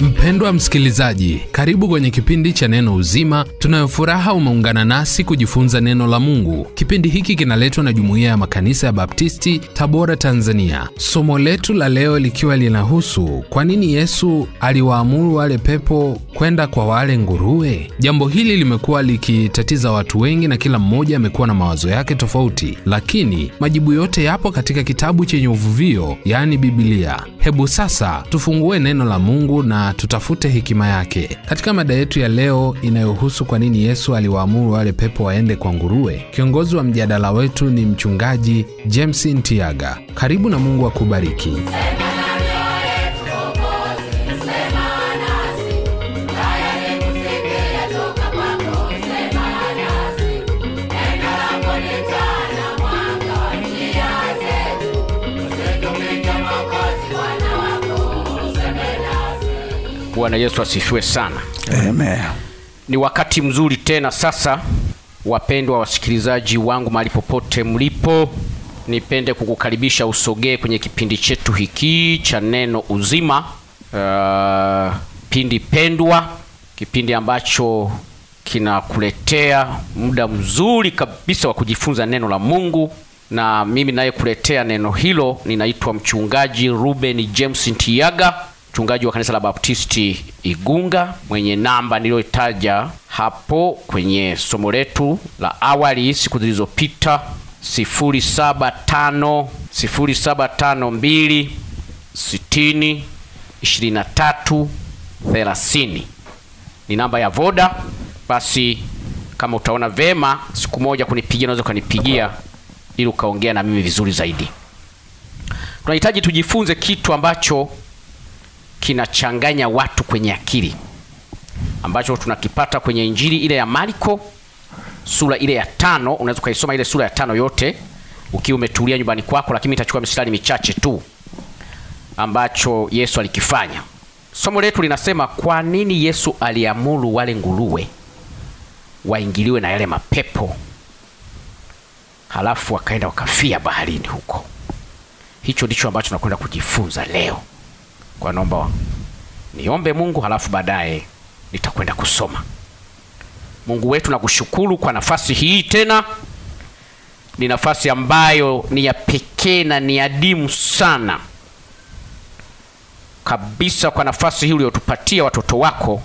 Mpendwa msikilizaji, karibu kwenye kipindi cha Neno Uzima. Tunayofuraha umeungana nasi kujifunza neno la Mungu. Kipindi hiki kinaletwa na Jumuiya ya Makanisa ya Baptisti, Tabora, Tanzania. Somo letu la leo likiwa linahusu kwa nini Yesu aliwaamuru wale pepo kwenda kwa wale nguruwe. Jambo hili limekuwa likitatiza watu wengi na kila mmoja amekuwa na mawazo yake tofauti, lakini majibu yote yapo katika kitabu chenye uvuvio, yani Biblia. Hebu sasa tufungue neno la Mungu na tutafute hekima yake. Katika mada yetu ya leo inayohusu kwa nini Yesu aliwaamuru wale pepo waende kwa nguruwe, kiongozi wa mjadala wetu ni mchungaji James Ntiaga. Karibu na Mungu akubariki. Bwana Yesu asifiwe sana. Amen. Ni wakati mzuri tena sasa, wapendwa wasikilizaji wangu, mahali popote mlipo, nipende kukukaribisha usogee kwenye kipindi chetu hiki cha neno uzima, uh, pindi pendwa, kipindi ambacho kinakuletea muda mzuri kabisa wa kujifunza neno la Mungu na mimi kuletea neno hilo ninaitwa mchungaji Ruben James Ntiaga mchungaji wa kanisa la Baptisti Igunga mwenye namba niliyoitaja hapo kwenye somo letu la awali siku zilizopita, 075 0752 ni namba ya Voda. Basi kama utaona vema siku moja kunipigia, unaweza ukanipigia ili ukaongea na mimi vizuri zaidi. Tunahitaji tujifunze kitu ambacho kinachanganya watu kwenye akili ambacho tunakipata kwenye Injili ile ya Marko sura ile ya tano. Unaweza ukaisoma ile sura ya tano yote ukiwa umetulia nyumbani kwako, lakini itachukua mistari michache tu ambacho Yesu alikifanya. Somo letu linasema kwa nini Yesu aliamuru wale nguruwe waingiliwe na yale mapepo halafu wakaenda wakafia baharini huko. Hicho ndicho ambacho tunakwenda kujifunza leo kwa naomba niombe Mungu halafu baadaye nitakwenda kusoma. Mungu wetu, nakushukuru kwa nafasi hii tena. Ni nafasi ambayo ni ya pekee na ni adimu sana kabisa. Kwa nafasi hii uliyotupatia watoto wako,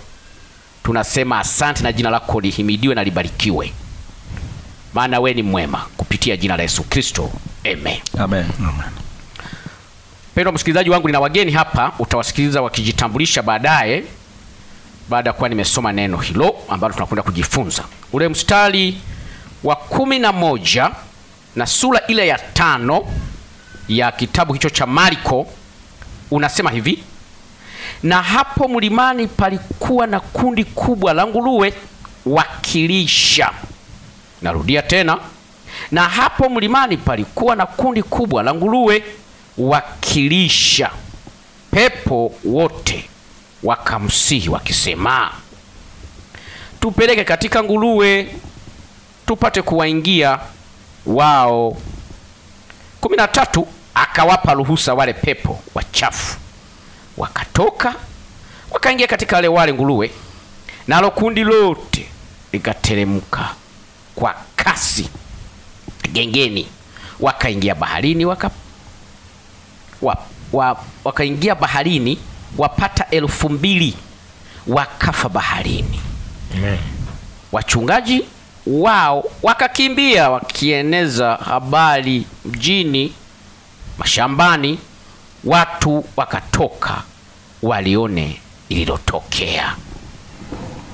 tunasema asante, na jina lako lihimidiwe na libarikiwe, maana we ni mwema, kupitia jina la Yesu Kristo, amen, amen. amen. Pero msikilizaji wangu, nina wageni hapa, utawasikiliza wakijitambulisha baadaye, baada ya kuwa nimesoma neno hilo ambalo tunakwenda kujifunza. Ule mstari wa kumi na moja na sura ile ya tano ya kitabu hicho cha Marko unasema hivi: na hapo mlimani palikuwa na kundi kubwa la nguruwe wakilisha. Narudia tena, na hapo mlimani palikuwa na kundi kubwa la nguruwe wakilisha pepo wote wakamsihi wakisema, tupeleke katika nguruwe tupate kuwaingia wao. kumi na tatu. Akawapa ruhusa wale pepo wachafu, wakatoka wakaingia katika wale wale nguruwe, nalo kundi lote likateremka kwa kasi gengeni, wakaingia baharini waka wa, wa, wakaingia baharini wapata elfu mbili wakafa baharini. Amen. Wachungaji wao wakakimbia wakieneza habari mjini, mashambani, watu wakatoka walione ililotokea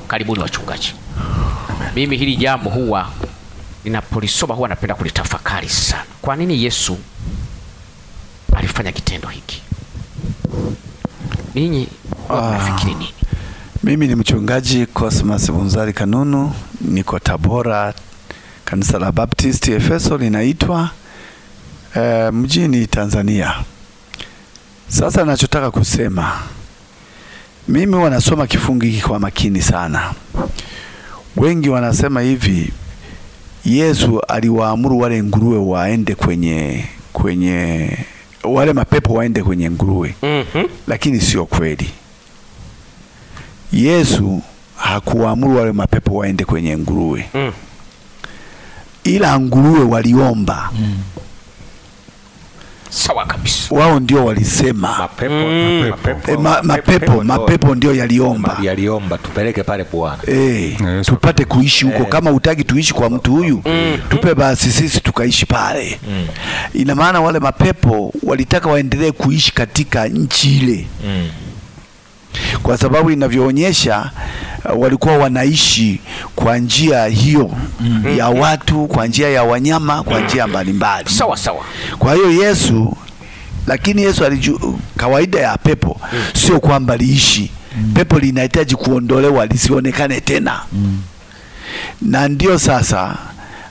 Karibuni wachungaji. Mimi hili jambo huwa ninapolisoma huwa napenda kulitafakari sana. Kwa nini Yesu kufanya kitendo hiki. Ninyi ah, mnafikiri nini? Mimi ni mchungaji Cosmas Bunzari Kanunu, niko Tabora, kanisa la Baptisti Efeso linaitwa e, mjini Tanzania. Sasa nachotaka kusema mimi wanasoma kifungu hiki kwa makini sana. Wengi wanasema hivi, Yesu aliwaamuru wale nguruwe waende kwenye kwenye wale mapepo waende kwenye nguruwe mm -hmm. Lakini sio kweli. Yesu hakuwaamuru wale mapepo waende kwenye nguruwe mm. Ila nguruwe waliomba mm. Sawa wao ndio walisema mapepo, mm, mapepo, e, ma, mapepo, mapepo ndio yaliomba yaliomba tupeleke pale Bwana e, eh, yes, tupate kuishi huko e. Kama utaki tuishi kwa mtu huyu mm. mm, tupe basi sisi tukaishi pale mm. Ina maana wale mapepo walitaka waendelee kuishi katika nchi ile mm kwa sababu inavyoonyesha uh, walikuwa wanaishi kwa njia hiyo mm. ya watu, kwa njia ya wanyama, kwa njia mbalimbali. Sawa sawa. Kwa hiyo Yesu lakini Yesu alijua kawaida ya pepo mm. sio kwamba liishi mm. pepo linahitaji kuondolewa lisionekane tena mm. na ndio sasa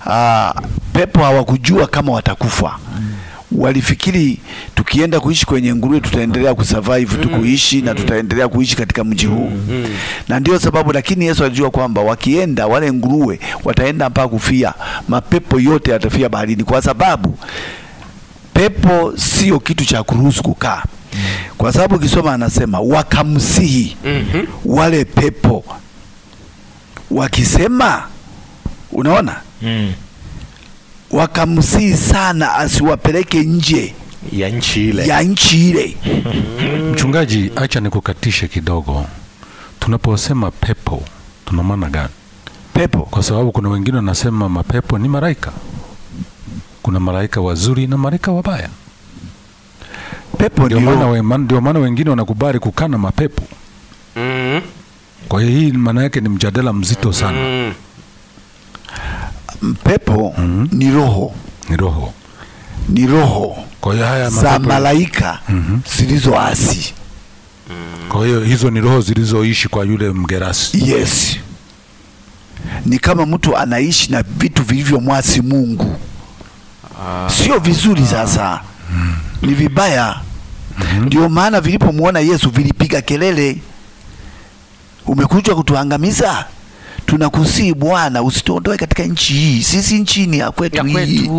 aa, ah, pepo hawakujua kama watakufa mm. Walifikiri tukienda kuishi kwenye nguruwe tutaendelea kusurvive tu kuishi mm. na mm. tutaendelea kuishi katika mji huu mm. mm. na ndio sababu, lakini Yesu alijua kwamba wakienda wale nguruwe wataenda mpaka kufia, mapepo yote yatafia baharini kwa sababu pepo sio kitu cha kuruhusu kukaa kwa sababu kisoma anasema wakamsihi mm -hmm. wale pepo wakisema, unaona mm. wakamsihi sana asiwapeleke nje ya nchi ile, ya nchi ile. Mchungaji, acha nikukatishe kidogo. Tunaposema pepo tuna maana gani pepo? Kwa sababu kuna wengine wanasema mapepo ni maraika kuna malaika wazuri na malaika wabaya. Pepo ndio maana ndio maana wengine wanakubali kukana mapepo mm -hmm. Kwa hiyo hii maana yake ni mjadala mzito sana mm -hmm. Pepo mm -hmm. ni roho ni roho ni roho kwa hiyo haya za malaika mm -hmm. zilizoasi mm-hmm. kwa hiyo hizo ni roho zilizoishi kwa yule mgerasi. Yes, ni kama mtu anaishi na vitu vilivyomwasi Mungu sio vizuri sasa ni vibaya mhm. ndio mm -hmm. maana vilipomwona Yesu vilipiga kelele, umekuja kutuangamiza, tunakusii Bwana, usituondoe katika nchi hii, sisi nchini ya kwetu hii.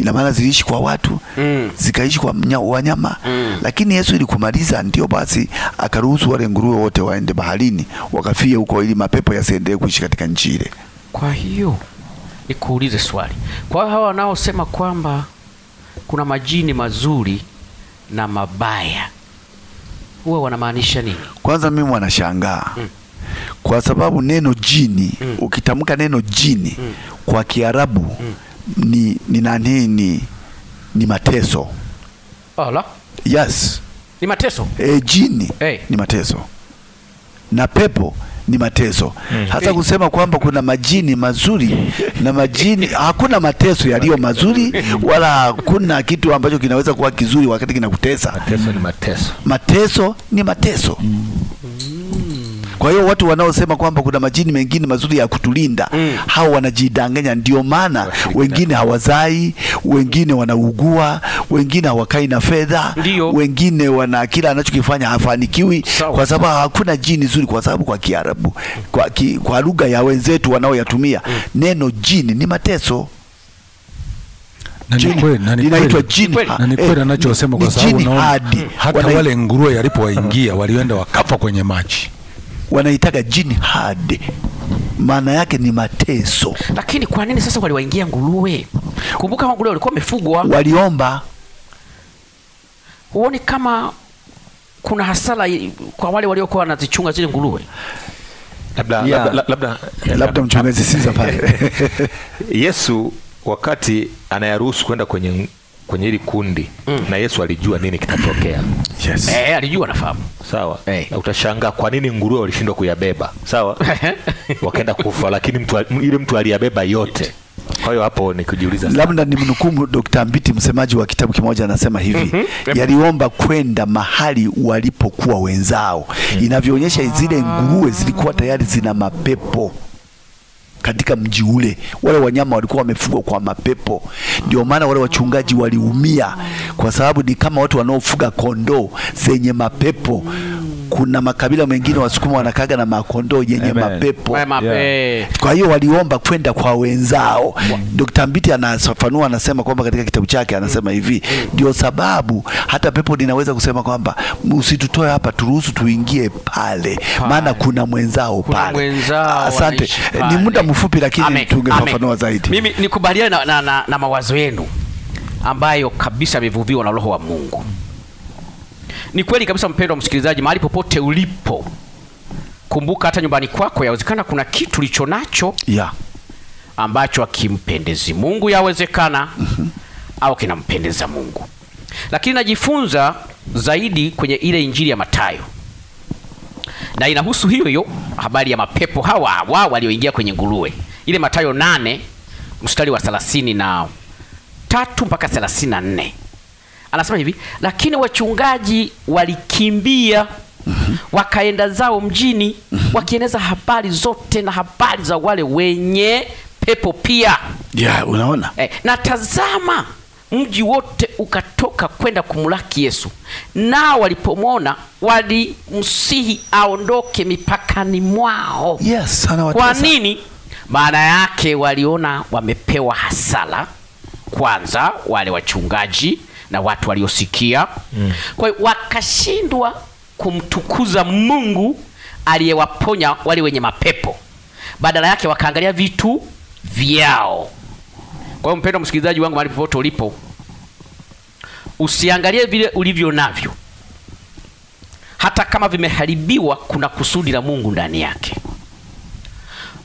Ina maana ziliishi kwa watu mm. zikaishi kwa wanyama mm. lakini Yesu ilikumaliza ndio basi akaruhusu wale nguruwe wote waende baharini wakafie huko, ili mapepo yasiendelee kuishi katika nchi ile. Kwa hiyo nikuulize swali. Kwa hiyo hawa wanaosema kwamba kuna majini mazuri na mabaya huwa wanamaanisha nini? Kwanza mimi wanashangaa mm. kwa sababu neno jini mm. ukitamka neno jini mm. kwa Kiarabu mm. ni ni nani ni, ni mateso. Ala. Yes. Ni mateso. E, jini hey. Eh. ni mateso na pepo ni mateso mm. Hasa kusema kwamba kuna majini mazuri na majini, hakuna mateso yaliyo mazuri wala hakuna kitu ambacho kinaweza kuwa kizuri wakati kinakutesa. Mateso ni mateso, mateso ni mateso. Mm. Kwa hiyo watu wanaosema kwamba kuna majini mengine mazuri ya kutulinda mm. hao wanajidanganya. Ndio maana wengine hawazai, wengine wanaugua, wengine hawakai na fedha, wengine wana kila anachokifanya hafanikiwi, kwa sababu hakuna jini zuri, kwa sababu kwa Kiarabu, kwa, ki, kwa lugha ya wenzetu wanaoyatumia mm. neno jini ni mateso inaitwa jini. Na ni kweli eh, anachosema, kwa sababu naona mm. hata wale nguruwe yalipowaingia walienda wakafa kwenye maji wanaitaga jihad, maana yake ni mateso. Lakini kwa nini sasa waliwaingia nguruwe? Kumbuka kama nguruwe walikuwa wamefugwa, waliomba. Huoni kama kuna hasara kwa wale waliokuwa wanazichunga zile nguruwe? Labda, yeah. Labda, labda, labda, labda mchungaji sisi pale Yesu wakati anayaruhusu kwenda kwenye kwenye hili kundi mm. na Yesu alijua nini kitatokea. Yes. Eh, eh alijua nafahamu. Sawa. Hey. Eh. Eh. Na utashangaa kwa nini nguruwe walishindwa kuyabeba. Sawa? Wakaenda kufa lakini mtu ile mtu aliyabeba yote. Kwa hiyo hapo ni kujiuliza. Labda ni mnukumu Dr. Mbiti msemaji wa kitabu kimoja anasema hivi. Mm -hmm. Yaliomba kwenda mahali walipokuwa wenzao. Mm. Inavyoonyesha zile ah. nguruwe zilikuwa tayari zina mapepo katika mji ule. Wale wanyama walikuwa wamefugwa kwa mapepo, ndio maana wale wachungaji waliumia, kwa sababu ni kama watu wanaofuga kondoo zenye mapepo kuna makabila mengine Wasukuma wanakaga na makondoo yenye mapepo yeah. Kwa hiyo waliomba kwenda kwa wenzao mm. Dr. Mbiti anafafanua anasema kwamba katika kitabu chake anasema hivi ndio mm. sababu hata pepo linaweza kusema kwamba usitutoe hapa, turuhusu tuingie pale, maana kuna mwenzao pale. Asante, ni muda mfupi, lakini tungefafanua zaidi. Mimi nikubaliana na, na, na, na mawazo yenu ambayo kabisa yamevuviwa na Roho wa Mungu. Ni kweli kabisa, mpendwa msikilizaji, mahali popote ulipo, kumbuka hata nyumbani kwako yawezekana kuna kitu ulicho nacho yeah, ambacho akimpendezi Mungu yawezekana mm -hmm. au kinampendeza Mungu, lakini najifunza zaidi kwenye ile Injili ya Mathayo na inahusu hiyo hiyo habari ya mapepo hawa wa walioingia kwenye nguruwe ile Mathayo nane mstari wa thelathini na tatu mpaka thelathini na nne anasema hivi, lakini wachungaji walikimbia Mm -hmm. Wakaenda zao mjini mm -hmm. Wakieneza habari zote na habari za wale wenye pepo pia. Yeah, unaona eh, na tazama mji wote ukatoka kwenda kumlaki Yesu, nao walipomwona walimsihi aondoke mipakani mwao. Yes, kwa nini? Maana yake waliona wamepewa hasara, kwanza wale wachungaji na watu waliosikia mm. Kwa hiyo wakashindwa kumtukuza Mungu aliyewaponya wale wenye mapepo, badala yake wakaangalia vitu vyao. Kwa hiyo mpendwa msikilizaji wangu, mahali popote ulipo, usiangalie vile ulivyo navyo, hata kama vimeharibiwa, kuna kusudi la Mungu ndani yake.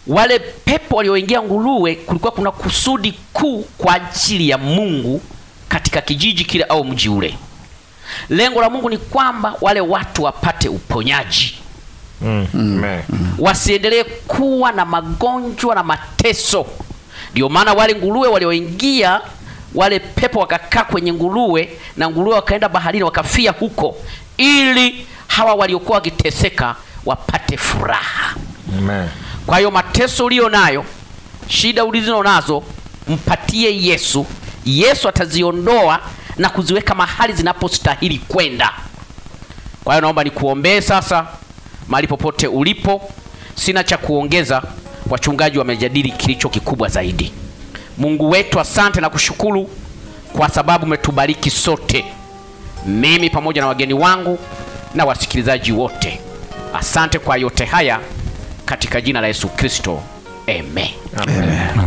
Wale pepo walioingia nguruwe, kulikuwa kuna kusudi kuu kwa ajili ya Mungu katika kijiji kile au mji ule. Lengo la Mungu ni kwamba wale watu wapate uponyaji. Mm. Mm. mm. Wasiendelee kuwa na magonjwa na mateso. Ndio maana wale nguruwe walioingia wale pepo wakakaa kwenye nguruwe na nguruwe wakaenda baharini wakafia huko, ili hawa waliokuwa wakiteseka wapate furaha. Amen. Kwa hiyo mateso ulio nayo, shida ulizo nazo, mpatie Yesu Yesu ataziondoa na kuziweka mahali zinapostahili kwenda. Kwa hiyo naomba nikuombee sasa, mahali popote ulipo. Sina cha kuongeza, wachungaji wamejadili kilicho kikubwa zaidi. Mungu wetu, asante na kushukuru kwa sababu umetubariki sote, mimi pamoja na wageni wangu na wasikilizaji wote. Asante kwa yote haya katika jina la Yesu Kristo, amen, amen. amen.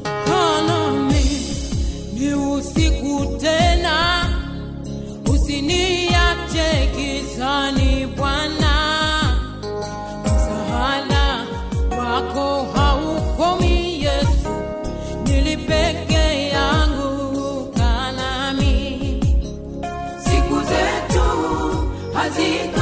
Azita.